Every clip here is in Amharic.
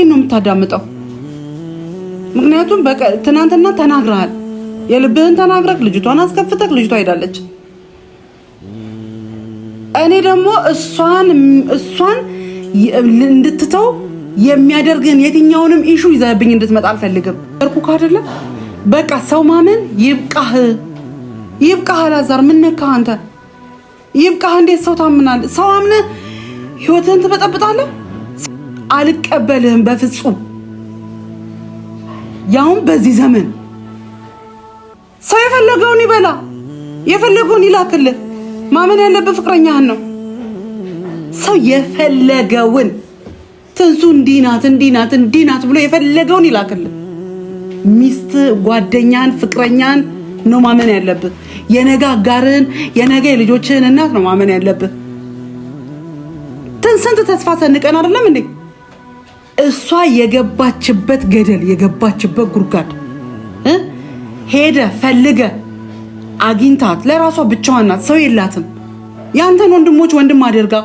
እኔን ነው የምታዳምጠው። ምክንያቱም ትናንትና ተናግረሃል፣ የልብህን ተናግረህ ልጅቷን አስከፍተህ ልጅቷ ሄዳለች። እኔ ደግሞ እሷን እሷን እንድትተው የሚያደርግን የትኛውንም ኢሹ ይዘብኝ እንድትመጣ አልፈልግም። እርኩካ አይደለም በቃ ሰው ማመን ይብቃህ፣ ይብቃህ። አላዛር ምን ነካህ አንተ? ይብቃህ። እንዴት ሰው ታምናለህ? ሰው አምነህ ህይወትህን ትበጠብጣለህ? አልቀበልህም በፍጹም ያውም በዚህ ዘመን ሰው የፈለገውን ይበላ የፈለገውን ይላክልህ ማመን ያለብህ ፍቅረኛህን ነው ሰው የፈለገውን ትንሱ እንዲህ ናት እንዲህ ናት እንዲህ ናት ብሎ የፈለገውን ይላክልህ ሚስት ጓደኛን ፍቅረኛን ነው ማመን ያለብህ የነገ አጋርህን የነገ የልጆችህን እናት ነው ማመን ያለብህ ስንት ተስፋ ሰንቀን አይደለም እንዴ እሷ የገባችበት ገደል የገባችበት ጉድጓድ ሄደ ፈልገ አግኝታት ለራሷ ብቻዋን ናት፣ ሰው የላትም። የአንተን ወንድሞች ወንድም አድርጋ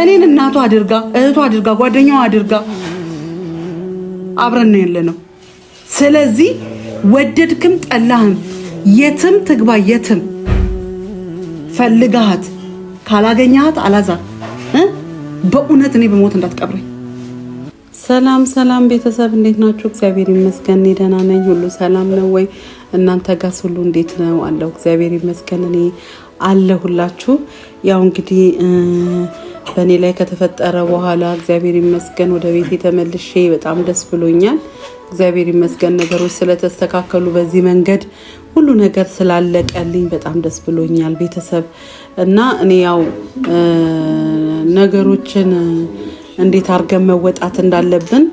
እኔን እናቷ አድርጋ እህቷ አድርጋ ጓደኛዋ አድርጋ አብረን ነው ያለነው። ስለዚህ ወደድክም ጠላህም የትም ትግባ የትም ፈልጋሃት ካላገኛት አላዛር በእውነት እኔ በሞት እንዳትቀብረኝ። ሰላም ሰላም ቤተሰብ እንዴት ናችሁ? እግዚአብሔር ይመስገን እኔ ደህና ነኝ። ሁሉ ሰላም ነው ወይ? እናንተ ጋስ ሁሉ እንዴት ነው? አለሁ እግዚአብሔር ይመስገን እኔ አለሁላችሁ። ያው እንግዲህ በእኔ ላይ ከተፈጠረ በኋላ እግዚአብሔር ይመስገን ወደ ቤቴ ተመልሼ በጣም ደስ ብሎኛል። እግዚአብሔር ይመስገን ነገሮች ስለተስተካከሉ በዚህ መንገድ ሁሉ ነገር ስላለቀልኝ በጣም ደስ ብሎኛል ቤተሰብ እና እኔ ያው ነገሮችን እንዴት አድርገን መወጣት እንዳለብን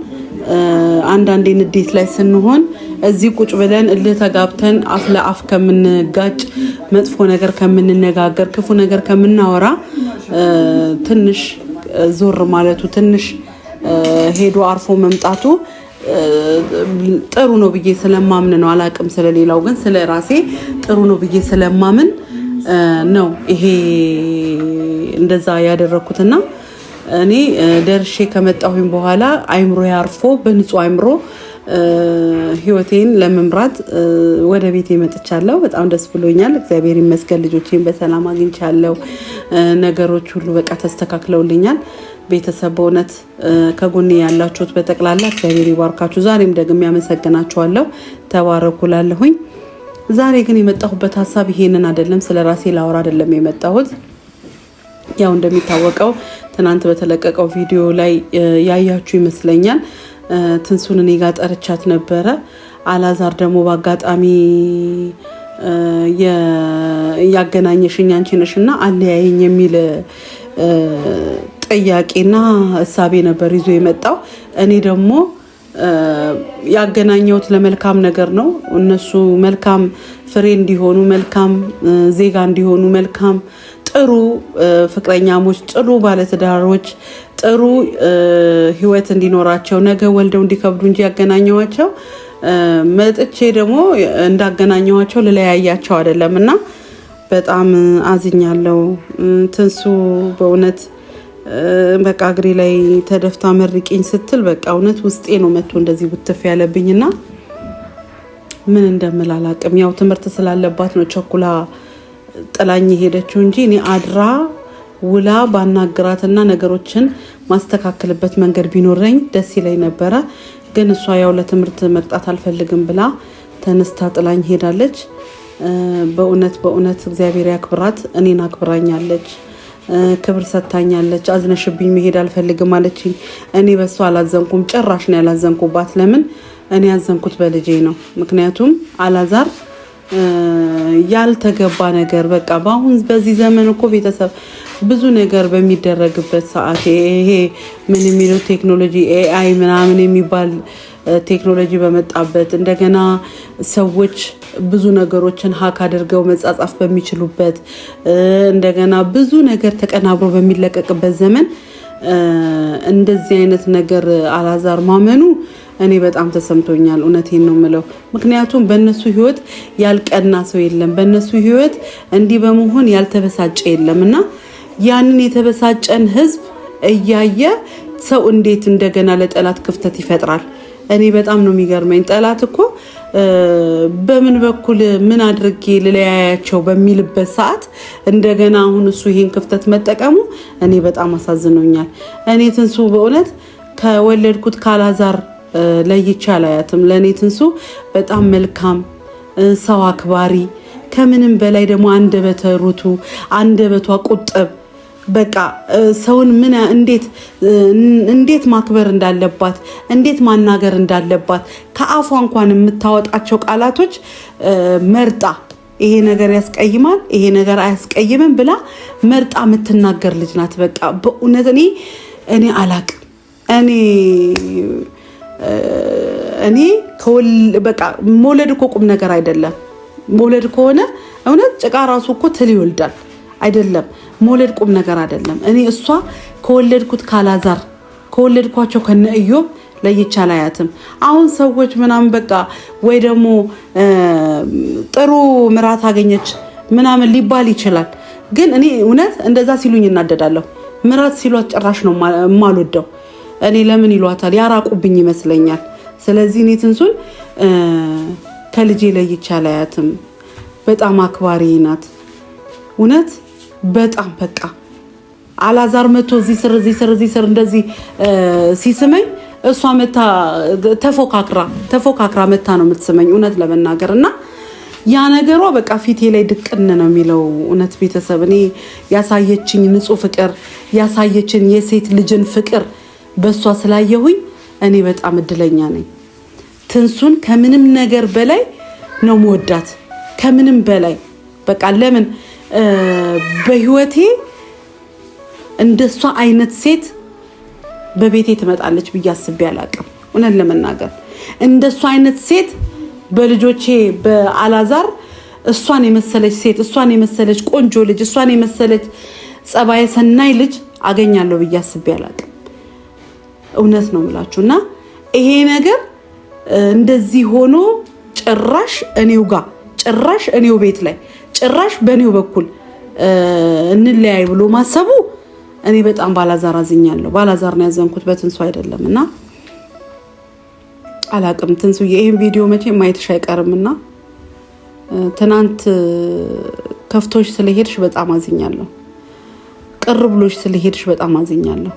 አንዳንዴ ንዴት ላይ ስንሆን እዚህ ቁጭ ብለን እልህ ተጋብተን አፍ ለአፍ ከምንጋጭ መጥፎ ነገር ከምንነጋገር ክፉ ነገር ከምናወራ ትንሽ ዞር ማለቱ ትንሽ ሄዶ አርፎ መምጣቱ ጥሩ ነው ብዬ ስለማምን ነው። አላቅም ስለሌላው ግን ስለ ራሴ ጥሩ ነው ብዬ ስለማምን ነው ይሄ እንደዛ ያደረግኩትና እኔ ደርሼ ከመጣሁኝ በኋላ አይምሮ ያርፎ በንጹህ አይምሮ ህይወቴን ለመምራት ወደ ቤት መጥቻለሁ። በጣም ደስ ብሎኛል። እግዚአብሔር ይመስገን። ልጆቼን በሰላም አግኝቻለሁ። ነገሮች ሁሉ በቃ ተስተካክለውልኛል። ቤተሰብ በእውነት ከጎኔ ያላችሁት በጠቅላላ እግዚአብሔር ይባርካችሁ። ዛሬም ደግሜ ያመሰግናችኋለሁ። ተባረኩላለሁኝ። ዛሬ ግን የመጣሁበት ሀሳብ ይሄንን አይደለም። ስለ ራሴ ላወራ አይደለም የመጣሁት። ያው እንደሚታወቀው ትናንት በተለቀቀው ቪዲዮ ላይ ያያችሁ ይመስለኛል። ትንሱን እኔ ጋር ጠርቻት ነበረ። አላዛር ደግሞ በአጋጣሚ ያገናኘሽኝ አንቺ ነሽ እና አለያየኝ የሚል ጥያቄና እሳቤ ነበር ይዞ የመጣው እኔ ደግሞ ያገናኘሁት ለመልካም ነገር ነው። እነሱ መልካም ፍሬ እንዲሆኑ፣ መልካም ዜጋ እንዲሆኑ፣ መልካም ጥሩ ፍቅረኛሞች፣ ጥሩ ባለትዳሮች፣ ጥሩ ህይወት እንዲኖራቸው ነገ ወልደው እንዲከብዱ እንጂ ያገናኘዋቸው መጥቼ ደግሞ እንዳገናኘዋቸው ልለያያቸው አይደለም እና በጣም አዝኛለሁ ትንሱ በእውነት በቃ እግሬ ላይ ተደፍታ መርቂኝ ስትል በቃ እውነት ውስጤ ነው መቶ እንደዚህ ውትፍ ያለብኝና ምን እንደምል አላቅም። ያው ትምህርት ስላለባት ነው ቸኩላ ጥላኝ የሄደችው እንጂ እኔ አድራ ውላ ባናግራትና ነገሮችን ማስተካከልበት መንገድ ቢኖረኝ ደስ ይለኝ ነበረ። ግን እሷ ያው ለትምህርት መቅጣት አልፈልግም ብላ ተነስታ ጥላኝ ሄዳለች። በእውነት በእውነት እግዚአብሔር ያክብራት፣ እኔን አክብራኛለች። ክብር ሰታኛለች። አዝነሽብኝ መሄድ አልፈልግም አለችኝ። እኔ በሱ አላዘንኩም፣ ጭራሽ ነው ያላዘንኩባት። ለምን እኔ ያዘንኩት በልጄ ነው። ምክንያቱም አላዛር ያልተገባ ነገር በቃ በአሁን በዚህ ዘመን እኮ ቤተሰብ ብዙ ነገር በሚደረግበት ሰዓት ይሄ ምን የሚለው ቴክኖሎጂ ኤአይ ምናምን የሚባል ቴክኖሎጂ በመጣበት እንደገና ሰዎች ብዙ ነገሮችን ሀክ አድርገው መጻጻፍ በሚችሉበት እንደገና ብዙ ነገር ተቀናብሮ በሚለቀቅበት ዘመን እንደዚህ አይነት ነገር አላዛር ማመኑ እኔ በጣም ተሰምቶኛል። እውነቴን ነው የምለው። ምክንያቱም በእነሱ ህይወት ያልቀና ሰው የለም። በእነሱ ህይወት እንዲህ በመሆን ያልተበሳጨ የለም እና ያንን የተበሳጨን ህዝብ እያየ ሰው እንዴት እንደገና ለጠላት ክፍተት ይፈጥራል? እኔ በጣም ነው የሚገርመኝ። ጠላት እኮ በምን በኩል ምን አድርጌ ልለያያቸው በሚልበት ሰዓት እንደገና አሁን እሱ ይሄን ክፍተት መጠቀሙ እኔ በጣም አሳዝኖኛል። እኔ ትንሱ በእውነት ከወለድኩት ካላዛር ለይቼ አላያትም። ለእኔ ትንሱ በጣም መልካም ሰው አክባሪ፣ ከምንም በላይ ደግሞ አንደበተ ሩቱ አንደበቷ ቁጥብ በቃ ሰውን ምን እንዴት ማክበር እንዳለባት እንዴት ማናገር እንዳለባት ከአፏ እንኳን የምታወጣቸው ቃላቶች መርጣ ይሄ ነገር ያስቀይማል፣ ይሄ ነገር አያስቀይምም ብላ መርጣ የምትናገር ልጅ ናት። በቃ በእውነት እኔ እኔ አላቅ እኔ እኔ በቃ መውለድ እኮ ቁም ነገር አይደለም። መውለድ ከሆነ እውነት ጭቃ ራሱ እኮ ትል ይወልዳል። አይደለም። መውለድ ቁም ነገር አይደለም። እኔ እሷ ከወለድኩት ካላዛር ከወለድኳቸው ከነ እዮም ለይቼ አላያትም። አሁን ሰዎች ምናምን በቃ ወይ ደግሞ ጥሩ ምራት አገኘች ምናምን ሊባል ይችላል። ግን እኔ እውነት እንደዛ ሲሉኝ እናደዳለሁ። ምራት ሲሏት ጭራሽ ነው የማልወደው። እኔ ለምን ይሏታል ያራቁብኝ ይመስለኛል። ስለዚህ እኔ ትንሱን ከልጄ ለይቼ አላያትም። በጣም አክባሪ ናት እውነት በጣም በቃ አላዛር መቶ እዚህ ስር እዚህ ስር እዚህ ስር እንደዚህ ሲስመኝ እሷ መታ ተፎካክራ ተፎካክራ መታ ነው የምትስመኝ እውነት ለመናገር እና ያ ነገሯ በቃ ፊቴ ላይ ድቅን ነው የሚለው። እውነት ቤተሰብ እኔ ያሳየችኝ ንጹህ ፍቅር ያሳየችን የሴት ልጅን ፍቅር በእሷ ስላየሁኝ እኔ በጣም እድለኛ ነኝ። ትንሱን ከምንም ነገር በላይ ነው መወዳት ከምንም በላይ በቃ ለምን በህይወቴ እንደሷ አይነት ሴት በቤቴ ትመጣለች ብዬ አስቤ አላቅም። እውነት ለመናገር እንደሷ አይነት ሴት በልጆቼ በአላዛር እሷን የመሰለች ሴት እሷን የመሰለች ቆንጆ ልጅ እሷን የመሰለች ጸባይ ሰናይ ልጅ አገኛለሁ ብዬ አስቤ አላቅም። እውነት ነው የምላችሁ እና ይሄ ነገር እንደዚህ ሆኖ ጭራሽ እኔው ጋር ጭራሽ እኔው ቤት ላይ ጭራሽ በእኔው በኩል እንለያይ ብሎ ማሰቡ እኔ በጣም ባላዛር አዝኛለሁ። ባላዛር ነው ያዘንኩት፣ በትንሱ አይደለም። እና አላቅም ትንሱ ይህን ቪዲዮ መቼ ማየትሽ አይቀርም እና ትናንት ከፍቶች ስለሄድሽ በጣም አዝኛለሁ። ቅር ብሎች ስለሄድሽ በጣም አዝኛለሁ።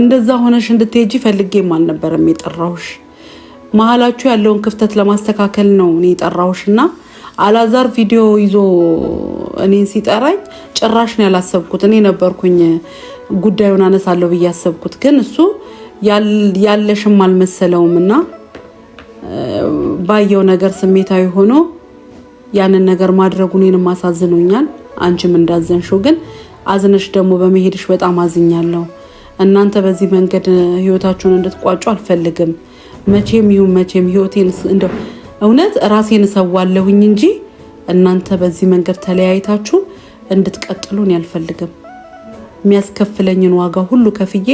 እንደዛ ሆነሽ እንድትሄጂ ፈልጌም አልነበረም የጠራሁሽ። መሀላችሁ ያለውን ክፍተት ለማስተካከል ነው እኔ የጠራሁሽ እና አላዛር ቪዲዮ ይዞ እኔን ሲጠራኝ ጭራሽ ነው ያላሰብኩት። እኔ ነበርኩኝ ጉዳዩን አነሳለሁ ብዬ ያሰብኩት፣ ግን እሱ ያለሽም አልመሰለውም እና ባየው ነገር ስሜታዊ ሆኖ ያንን ነገር ማድረጉ እኔንም አሳዝኖኛል። አንቺም እንዳዘንሽው ግን አዝነሽ ደግሞ በመሄድሽ በጣም አዝኛለሁ። እናንተ በዚህ መንገድ ህይወታችሁን እንድትቋጩ አልፈልግም። መቼም ይሁን መቼም ህይወቴን እንደው እውነት ራሴን እሰዋለሁኝ እንጂ እናንተ በዚህ መንገድ ተለያይታችሁ እንድትቀጥሉን ያልፈልግም። የሚያስከፍለኝን ዋጋ ሁሉ ከፍዬ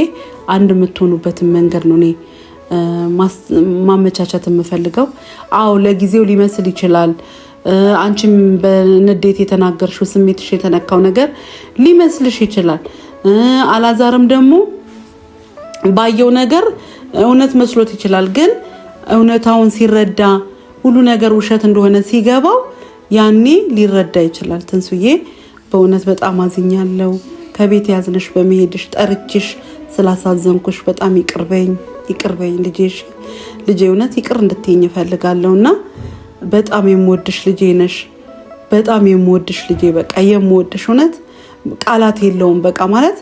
አንድ የምትሆኑበትን መንገድ ነው እኔ ማመቻቸት የምፈልገው። አዎ ለጊዜው ሊመስል ይችላል። አንቺም በንዴት የተናገርሽው ስሜትሽ የተነካው ነገር ሊመስልሽ ይችላል። አላዛርም ደግሞ ባየው ነገር እውነት መስሎት ይችላል። ግን እውነታውን ሲረዳ ሁሉ ነገር ውሸት እንደሆነ ሲገባው ያኔ ሊረዳ ይችላል። ትንሱዬ በእውነት በጣም አዝኛለሁ። ከቤት ያዝነሽ በመሄድሽ ጠርችሽ ስላሳዘንኩሽ በጣም ይቅርበኝ ይቅርበኝ ልጄ ልጄ እውነት ይቅር እንድትይኝ እፈልጋለሁ እና በጣም የምወድሽ ልጄ ነሽ። በጣም የምወድሽ ልጄ በቃ የምወድሽ እውነት ቃላት የለውም። በቃ ማለት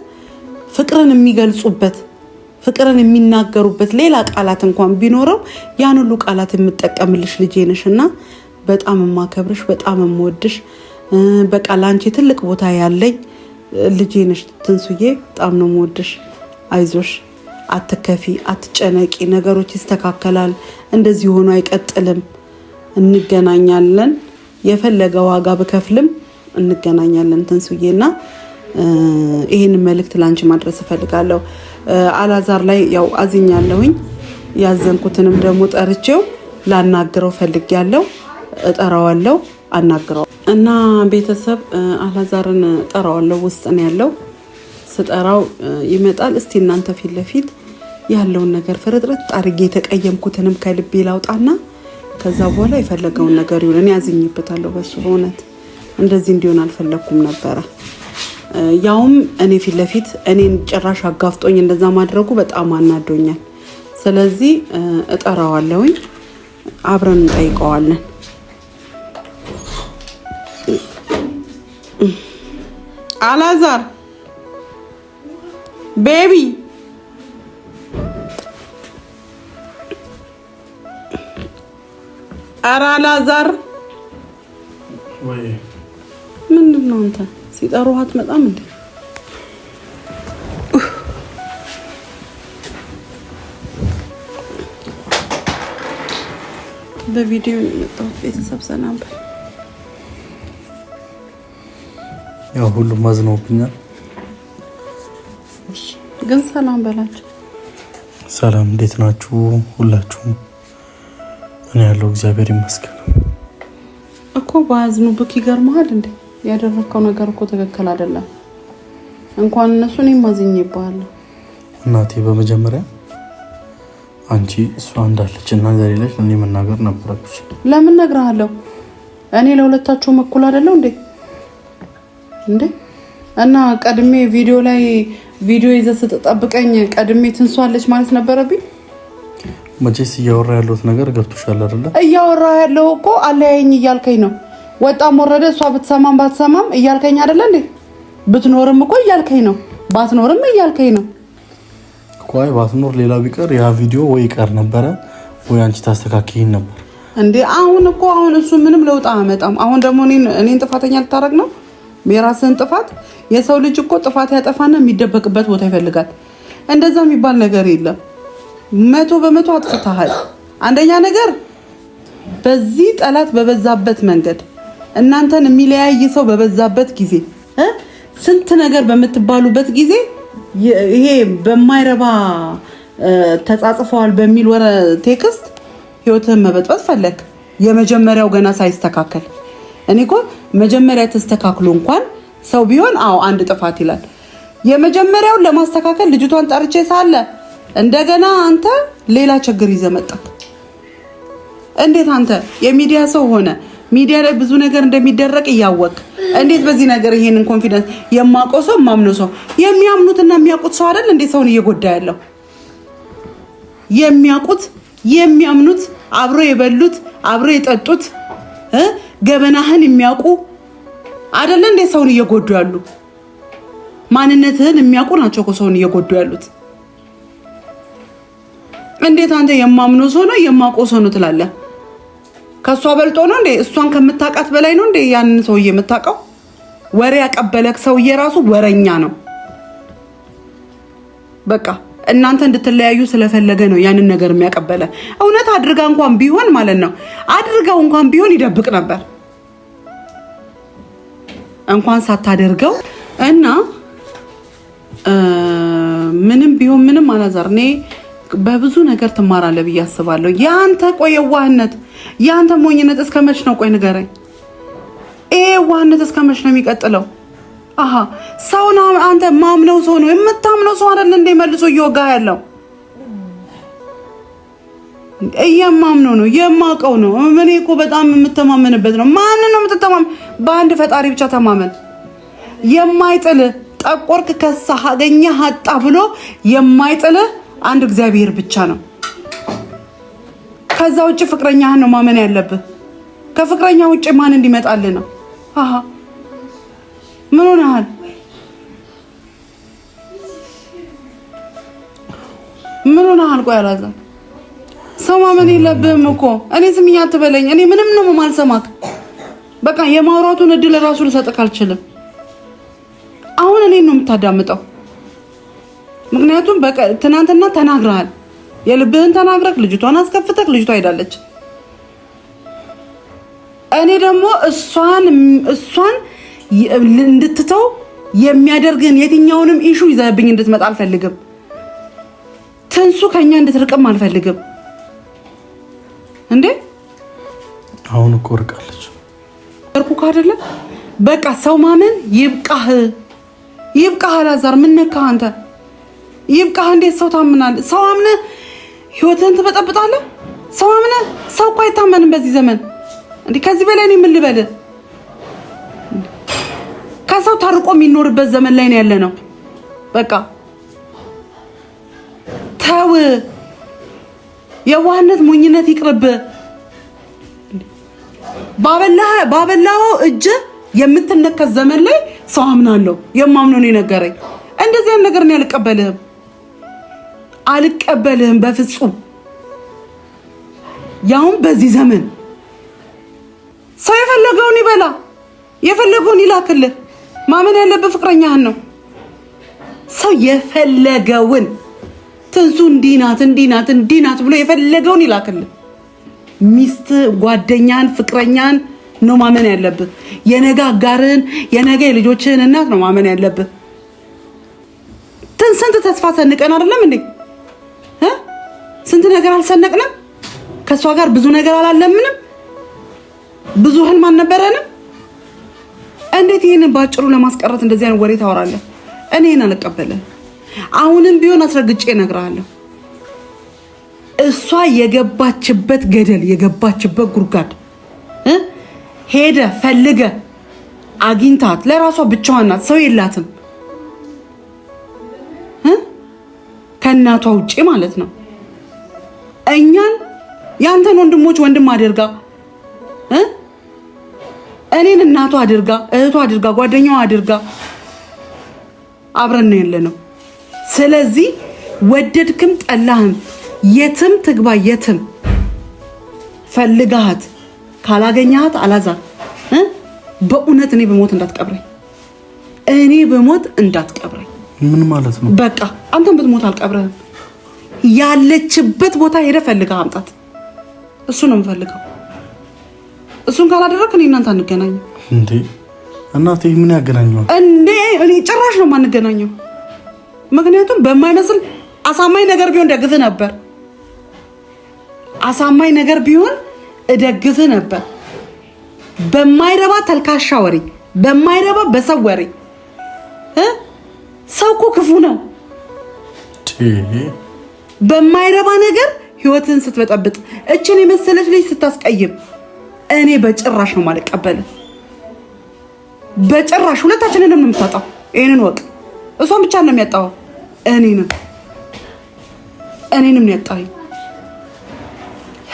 ፍቅርን የሚገልጹበት ፍቅርን የሚናገሩበት ሌላ ቃላት እንኳን ቢኖረው ያን ሁሉ ቃላት የምጠቀምልሽ ልጄ ነሽ እና በጣም የማከብርሽ በጣም የምወድሽ በቃ ለአንቺ ትልቅ ቦታ ያለኝ ልጄ ነሽ ትንሱዬ። በጣም ነው የምወድሽ። አይዞሽ፣ አትከፊ፣ አትጨነቂ። ነገሮች ይስተካከላል። እንደዚህ ሆኖ አይቀጥልም። እንገናኛለን። የፈለገ ዋጋ ብከፍልም እንገናኛለን ትንሱዬ እና ይህን መልእክት ለአንቺ ማድረስ እፈልጋለሁ። አላዛር ላይ ያው አዝኛለሁኝ። ያዘንኩትንም ደግሞ ጠርቼው ላናግረው ፈልጌያለሁ። እጠራዋለሁ፣ አናግረው እና ቤተሰብ አላዛርን እጠራዋለሁ። ውስጥ ነው ያለው። ስጠራው ይመጣል። እስቲ እናንተ ፊት ለፊት ያለውን ነገር ፍርጥረት ጣርጌ የተቀየምኩትንም ከልቤ ላውጣና ከዛ በኋላ የፈለገውን ነገር ይሁን። እኔ በሱ በእውነት እንደዚህ እንዲሆን አልፈለግኩም ነበረ። ያውም እኔ ፊት ለፊት እኔን ጭራሽ አጋፍጦኝ እንደዛ ማድረጉ በጣም አናዶኛል። ስለዚህ እጠራዋለሁኝ፣ አብረን እንጠይቀዋለን። አላዛር ቤቢ ኧረ አላዛር ምንድን ነው አንተ ሲጠሩሃት መጣም እንዴ? በቪዲዮ የመጣሁት ቤተሰብ ሰላም በል። ያው ሁሉም አዝነውብኛል፣ ግን ሰላም በላቸው። ሰላም እንዴት ናችሁ ሁላችሁም? እኔ ያለው እግዚአብሔር ይመስገን እኮ በአዝኑብክ ይገርመሃል እንዴ ያደረግከው ነገር እኮ ትክክል አይደለም። እንኳን እነሱ እኔም ማዝኝ ይባላለሁ። እናቴ በመጀመሪያ አንቺ እሷ እንዳለች እና እንደሌለች እኔ መናገር ነበረብሽ። ለምን ነግርሃለሁ? እኔ ለሁለታችሁም እኩል አይደለሁ እንዴ? እንዴ እና ቀድሜ ቪዲዮ ላይ ቪዲዮ ይዘህ ስትጠብቀኝ ቀድሜ ትንሷለች ማለት ነበረብኝ? መቼስ እያወራ ያለሁት ነገር ገብቶሻል አይደለ? እያወራ ያለው እኮ አለያየኝ እያልከኝ ነው ወጣም ወረደ እሷ ብትሰማም ባትሰማም እያልከኝ አይደለ እንዴ? ብትኖርም እኮ እያልከኝ ነው፣ ባትኖርም እያልከኝ ነው። ኳይ ባትኖር ሌላ ቢቀር ያ ቪዲዮ ወይ ይቀር ነበረ ወይ አንቺ ታስተካክይን ነበር እንዴ? አሁን እኮ አሁን እሱ ምንም ለውጥ አያመጣም። አሁን ደግሞ እኔን ጥፋተኛ ልታረግ ነው? የራስህን ጥፋት። የሰው ልጅ እኮ ጥፋት ያጠፋና የሚደበቅበት ቦታ ይፈልጋል። እንደዛ የሚባል ነገር የለም። መቶ በመቶ አጥፍተሃል። አንደኛ ነገር በዚህ ጠላት በበዛበት መንገድ እናንተን የሚለያይ ሰው በበዛበት ጊዜ ስንት ነገር በምትባሉበት ጊዜ ይሄ በማይረባ ተጻጽፈዋል በሚል ወረ ቴክስት ህይወትህን መበጥበጥ ፈለግ። የመጀመሪያው ገና ሳይስተካከል እኔ እኮ መጀመሪያ ተስተካክሎ እንኳን ሰው ቢሆን አዎ አንድ ጥፋት ይላል። የመጀመሪያውን ለማስተካከል ልጅቷን ጠርቼ ሳለ እንደገና አንተ ሌላ ችግር ይዘህ እንዴት አንተ የሚዲያ ሰው ሆነ ሚዲያ ላይ ብዙ ነገር እንደሚደረግ እያወቅ እንዴት በዚህ ነገር ይሄንን ኮንፊደንስ የማውቀው ሰው የማምነው ሰው የሚያምኑትና የሚያውቁት ሰው አይደል እንዴት ሰውን እየጎዳ ያለው የሚያውቁት የሚያምኑት አብሮ የበሉት አብሮ የጠጡት ገበናህን የሚያውቁ አይደለ እንዴት ሰውን እየጎዱ ያሉ ማንነትህን የሚያውቁ ናቸው ሰውን እየጎዱ ያሉት እንዴት አንተ የማምነው ሰው ነው የማውቀው ሰው ነው ትላለህ ከእሷ በልጦ ነው እንዴ? እሷን ከምታውቃት በላይ ነው እንዴ? ያንን ሰውዬ የምታውቀው ወሬ ያቀበለክ ሰውዬ ራሱ ወረኛ ነው። በቃ እናንተ እንድትለያዩ ስለፈለገ ነው ያንን ነገር የሚያቀበለ። እውነት አድርጋ እንኳን ቢሆን ማለት ነው አድርገው እንኳን ቢሆን ይደብቅ ነበር እንኳን ሳታደርገው እና ምንም ቢሆን ምንም አላዛር እኔ በብዙ ነገር ትማራለህ ብዬ አስባለሁ። ያንተ ቆይ የዋህነት ያንተ ሞኝነት እስከ መች ነው? ቆይ ንገረኝ፣ ይሄ የዋህነት እስከ መች ነው የሚቀጥለው? አሀ ሰውን አንተ ማምነው ሰው ነው የምታምነው ሰው አይደል እንዴ? መልሶ እየወጋ ያለው እየማምነው ነው የማውቀው ነው። እኔ እኮ በጣም የምተማመንበት ነው። ማንን ነው የምትተማመን? በአንድ ፈጣሪ ብቻ ተማመን። የማይጥልህ ጠቆርክ፣ ከሳህ፣ አገኘህ፣ አጣ ብሎ የማይጥልህ አንድ እግዚአብሔር ብቻ ነው። ከዛ ውጭ ፍቅረኛህን ነው ማመን ያለብህ። ከፍቅረኛ ውጭ ማን እንዲመጣልህ ነው? አሀ ምን ሆነሃል? ምን ሆነሃል? ቆይ አላዛር ሰው ማመን የለብህም እኮ እኔ ስምኛ አትበለኝ። እኔ ምንም ነው የማልሰማት። በቃ የማውራቱን እድል ራሱ ልሰጥህ አልችልም። አሁን እኔን ነው የምታዳምጠው። ምክንያቱም ትናንትና ተናግረሃል። የልብህን ተናግረህ ልጅቷን አስከፍተህ ልጅቷ ሄዳለች። እኔ ደግሞ እሷን እሷን እንድትተው የሚያደርግን የትኛውንም ኢሹ ይዘህብኝ እንድትመጣ አልፈልግም። ትንሱ ከኛ እንድትርቅም አልፈልግም። እንዴ አሁን እኮ ርቃለች ርኩካ አይደለም። በቃ ሰው ማመን ይብቃህ፣ ይብቃህ። አላዛር ምን ነካህ አንተ? ይብቃ። እንዴት ሰው ታምናል ሰው አምነ ህይወትን ትበጠብጣለህ። ሰው አምነ ሰው እኮ አይታመንም በዚህ ዘመን። እንዴ ከዚህ በላይ እኔ ምን ልበልህ? ከሰው ታርቆ የሚኖርበት ዘመን ላይ ነው ያለ ነው። በቃ ተው፣ የዋህነት ሞኝነት ይቅርብ። ባበላው እጅ የምትነከስ ዘመን ላይ ሰው አምናለሁ። የማምነው ነው የነገረኝ። እንደዚህ አይነት ነገር ነው ያልቀበልህም አልቀበልህም በፍጹም ያውም በዚህ ዘመን ሰው የፈለገውን ይበላ የፈለገውን ይላክልህ። ማመን ያለብህ ፍቅረኛህን ነው። ሰው የፈለገውን ትንሱ እንዲህ ናት እንዲህ ናት እንዲህ ናት ብሎ የፈለገውን ይላክልህ። ሚስት፣ ጓደኛን፣ ፍቅረኛን ነው ማመን ያለብህ። የነገ አጋርህን፣ የነገ የልጆችህን እናት ነው ማመን ያለብህ። ትን ስንት ተስፋ ሰንቀን አይደለም እንዴ? ስንት ነገር አልሰነቅንም? ከእሷ ጋር ብዙ ነገር አላለምንም? ብዙ ህልም አልነበረንም? እንዴት ይህንን በአጭሩ ለማስቀረት እንደዚህ አይነት ወሬ ታወራለህ? እኔ ይህን አልቀበልም። አሁንም ቢሆን አስረግጬ እነግርሃለሁ። እሷ የገባችበት ገደል የገባችበት ጉድጓድ ሄደ ፈልገ አግኝታት። ለራሷ ብቻዋን ናት፣ ሰው የላትም። ከእናቷ ውጭ ማለት ነው። እኛን ያንተን ወንድሞች ወንድም አድርጋ እኔን እናቷ አድርጋ እህቷ አድርጋ ጓደኛዋ አድርጋ አብረን ያለ ነው። ስለዚህ ወደድክም ጠላህም የትም ትግባ የትም ፈልጋሃት ካላገኘሃት አላዛ በእውነት እኔ በሞት እንዳትቀብረኝ፣ እኔ በሞት እንዳትቀብረኝ። ምን ማለት ነው? በቃ አንተን ብትሞት አልቀብረህም። ያለችበት ቦታ ሄደህ ፈልገህ አምጣት። እሱ ነው የምፈልገው። እሱን ካላደረክ እኔ እናንተ አንገናኝም። እንዴ እናቴ ምን ያገናኘዋል? እንዴ እኔ ጭራሽ ነው የማንገናኘው። ምክንያቱም በማይመስል አሳማኝ ነገር ቢሆን ደግፍህ ነበር። አሳማኝ ነገር ቢሆን እደግፍህ ነበር። በማይረባ ተልካሻ ወሬ፣ በማይረባ በሰው ወሬ ሰው እኮ ክፉ ነው። በማይረባ ነገር ህይወትን ስትበጠብጥ፣ እችን የመሰለች ልጅ ስታስቀይም እኔ በጭራሽ ነው ማልቀበል። በጭራሽ ሁለታችን ነው የምታጣው። ይህንን ወቅ እሷን ብቻ ነው የሚያጣው። እኔንም እኔንም ነው ያጣኝ።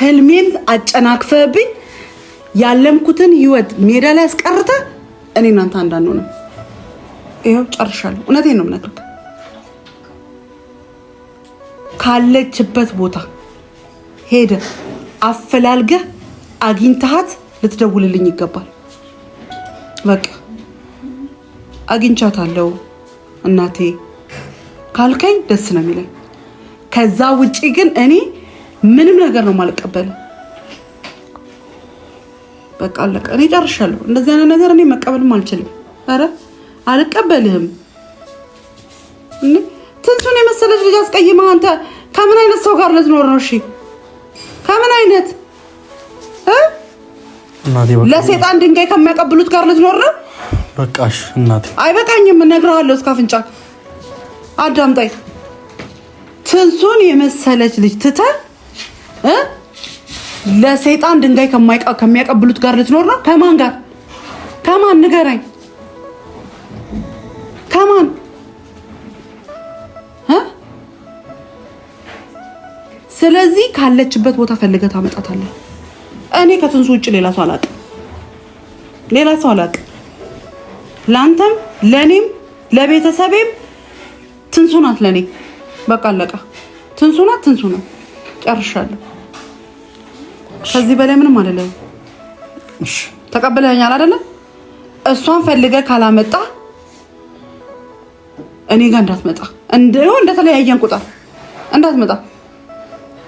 ህልሜን አጨናቅፈብኝ ያለምኩትን ህይወት ሜዳ ላይ አስቀርተ እኔ እናንተ አንዳንዱ ነው ይኸው ጨርሻለሁ። እውነቴን ነው የምነግርህ። ካለችበት ቦታ ሄደ አፈላልገህ አግኝተሃት ልትደውልልኝ ይገባል። በቃ አግኝቻታለሁ እናቴ ካልከኝ ደስ ነው የሚለኝ። ከዛ ውጪ ግን እኔ ምንም ነገር ነው የማልቀበለው። በቃ አለቀ። እኔ ጨርሻለሁ። እንደዚህ አይነት ነገር እኔ መቀበልም አልችልም። ኧረ አልቀበልህም። ትንቱን የመሰለች ልጅ አስቀይመ አንተ ከምን አይነት ሰው ጋር ልትኖር ነው? እሺ ከምን አይነት ለሴጣን ድንጋይ ከሚያቀብሉት ጋር ልትኖር ነው? በቃሽ እናቴ፣ አይበቃኝም። እነግርሃለሁ እስከ አፍንጫ። አዳምጣኝ። ትንሱን የመሰለች ልጅ ትተህ ለሰይጣን ድንጋይ ከሚያቀብሉት ጋር ልትኖር ነው? ከማን ጋር? ከማን ንገረኝ። ከማን ስለዚህ ካለችበት ቦታ ፈልገህ ታመጣታለህ። እኔ ከትንሱ ውጭ ሌላ ሰው አላውቅም፣ ሌላ ሰው አላውቅም። ለአንተም ለእኔም ለቤተሰቤም ትንሱ ናት። ለእኔ በቃ አለቃ ትንሱ ናት። ትንሱ ናት። ጨርሻለሁ። ከዚህ በላይ ምንም አይደለም። ተቀብለኛል አይደለም? እሷን ፈልገ ካላመጣ እኔ ጋር እንዳትመጣ እንደው እንደተለያየን ቁጣ እንዳትመጣ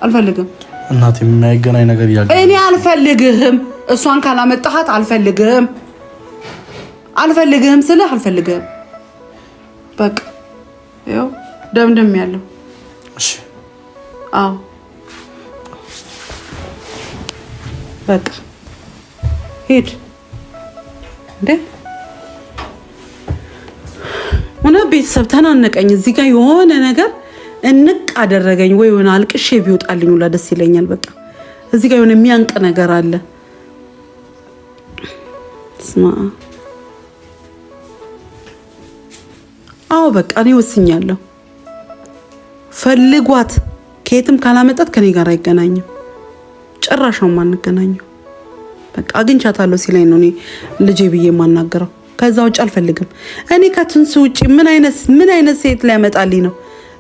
አልፈልግም። እናቴ የማይገናኝ ነገር እያለ እኔ አልፈልግህም። እሷን ካላመጣሃት አልፈልግህም። አልፈልግህም ስልህ አልፈልግህም። በቃ ያው ደምደም ያለው እሺ። አዎ በቃ ሂድ እንዴ ሆነ ቤተሰብ ተናነቀኝ። እዚህ ጋር የሆነ ነገር እንቅ አደረገኝ ወይ ሆነ አልቅሼ ቢወጣልኝ ሁላ ደስ ይለኛል። በቃ እዚህ ጋር የሆነ የሚያንቅ ነገር አለ። ስማ፣ አዎ በቃ እኔ ወስኛለሁ። ፈልጓት ከየትም ካላመጣት ከኔ ጋር አይገናኝም። ጭራሽ ነው የማንገናኘው። በቃ አግኝቻታለሁ ሲለኝ ነው እኔ ልጄ ብዬ የማናገረው። ከዛ ውጭ አልፈልግም። እኔ ከትንሱ ውጭ ምን አይነት ምን አይነት ሴት ሊያመጣልኝ ነው?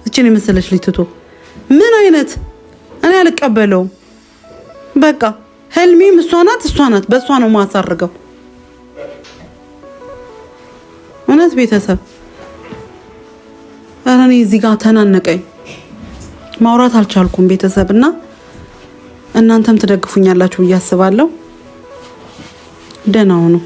እችን የመሰለች ልትቶ ምን አይነት እኔ አልቀበለውም። በቃ ህልሜም እሷ ናት፣ እሷ ናት። በእሷ ነው ማሳርገው። እውነት ቤተሰብ ኧረ እኔ እዚህ ጋር ተናነቀኝ፣ ማውራት አልቻልኩም። ቤተሰብ እና እናንተም ትደግፉኛላችሁ ብዬ አስባለሁ። ደህና ሁኑ።